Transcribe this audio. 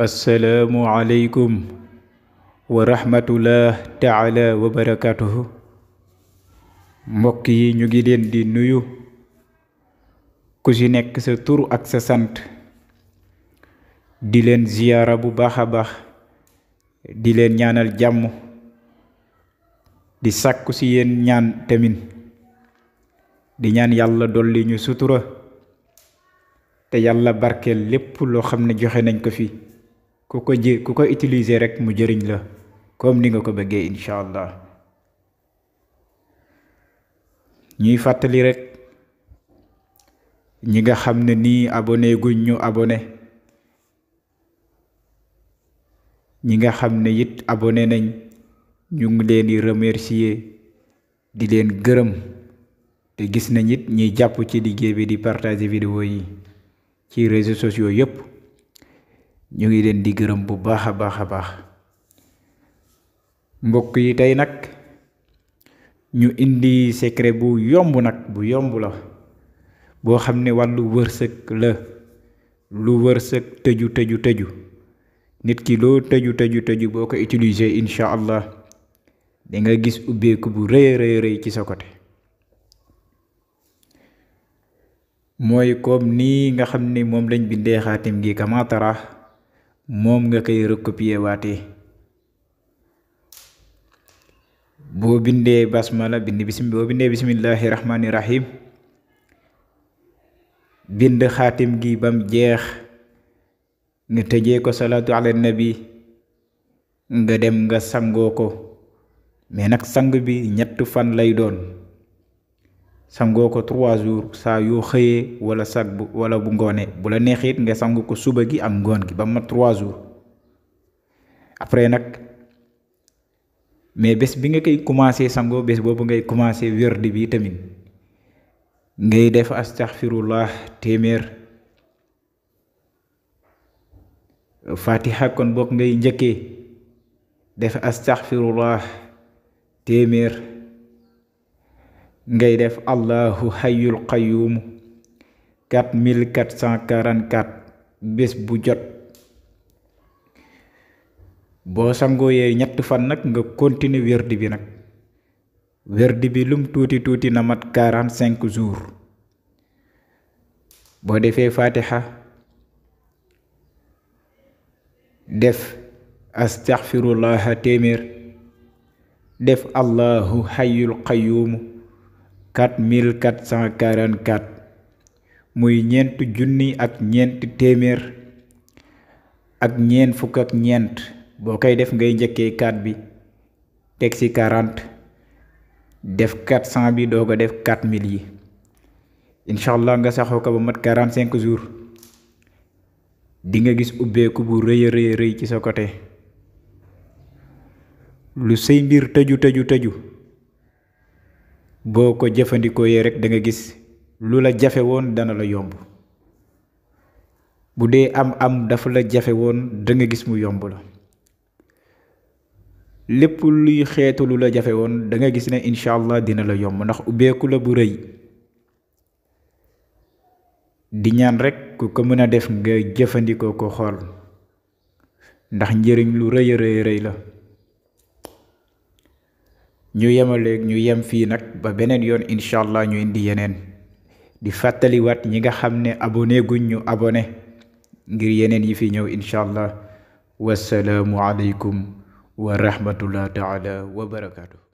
assalaamu aleykum wa rahmatullah taala mbokk yi ñu ngi leen di nuyu ku ci nekk sa tur ak sa sant di leen ziyaara bu baax a baax di leen ñaanal jàmm di sàkku ci yéen ñaan tamit di ñaan yàlla dolli ñu sutura te yàlla barkeel lépp loo xam ne joxe nañ ko fi ku ko ji ku ko utiliser rek mu jëriñ la comme ni nga ko bëggee incha allah ñuy fàttali rek ñi nga xam ne nii abonné guñ ñu abonné ñi nga xam ne it abone nañ ñu ngi leen di remercier di leen gërëm te gis nañ it ñiy jàpp ci liggéey bi di partager vidéo yi ci réseau sociaux yépp ñu ngi leen di gërëm bu baax a baax a baax mbokk yi tey nag ñu indi secret bu yomb nag bu yomb la boo xam ne wàllu wërsëg la lu wërsëg tëju tëju tëju nit ki loo tëju tëju tëju boo ko utiliser incha allah di nga gis ubbeeku bu rëy rëy rëy ci sa côté mooy comme nii nga xam ne moom lañ bindee xaatim gi moom nga koy recopier waatee boo bindee bas basmala bind bisim boo bindee bisimillahi rahmaani rahim bind xaatim gi bam jeex nga tëje ko salaatu ala nabi nga dem nga sangoo ko mais nag sang bi ñett fan lay doon sangoo ko trois jours saa yoo xëyee wala sag bu wala bu ngoonee bu la neexee nga sangu ko suba gi ak ngoon gi ba mat trois jours après nag mais bés bi nga koy commencé sangoo bés boobu ngay commencé werd bi tamit ngay def astaxfirullah téeméer fatiha kon bokk ngay njëkkee def astaxfirullah téeméer ngay def allahu xayul qayumu 4444 bu jot boo sangooyee ñett fan nag nga continuer wérdi bi nag werd bi lum tuuti tuuti na mat 45 jours boo defee fatiha def astaxfirullaha téeméer def allahu xayul qayumu quatre mille quatre cent quarante quatre muy ñeent junni ak ñeent téeméer ak ñeent fukk ak ñeent boo koy def ngay njëkkee quatre bi teg ci quarante def quatre cent bi doo def quatre mille yi incha allah nga saxoo ko ba mat quarante cinq jours di nga gis ubbeeku bu rëy a rëy ci sa côté lu say mbir tëju tëju tëju boo ko jëfandikoo yee rek da gis lu la jafe woon dana la yomb bu dee am am dafa la jafe woon danga gis mu yomb la lépp luy xeetu lu la jafe woon da nga gis ne incha allah dina la yomb ndax ubbeeku la bu rëy di ñaan rek ku ko mën a def nga jëfandikoo ko xool ndax njëriñ lu rëy a rëy la ñu yemaleeg ñu yem fii nag ba beneen yoon incha allah ñu indi yeneen di fàttaliwaat ñi nga xam ne abonné ñu abonné ngir yeneen yi fi ñëw incha allah wasalaamu aleykum wa rahmatullah taala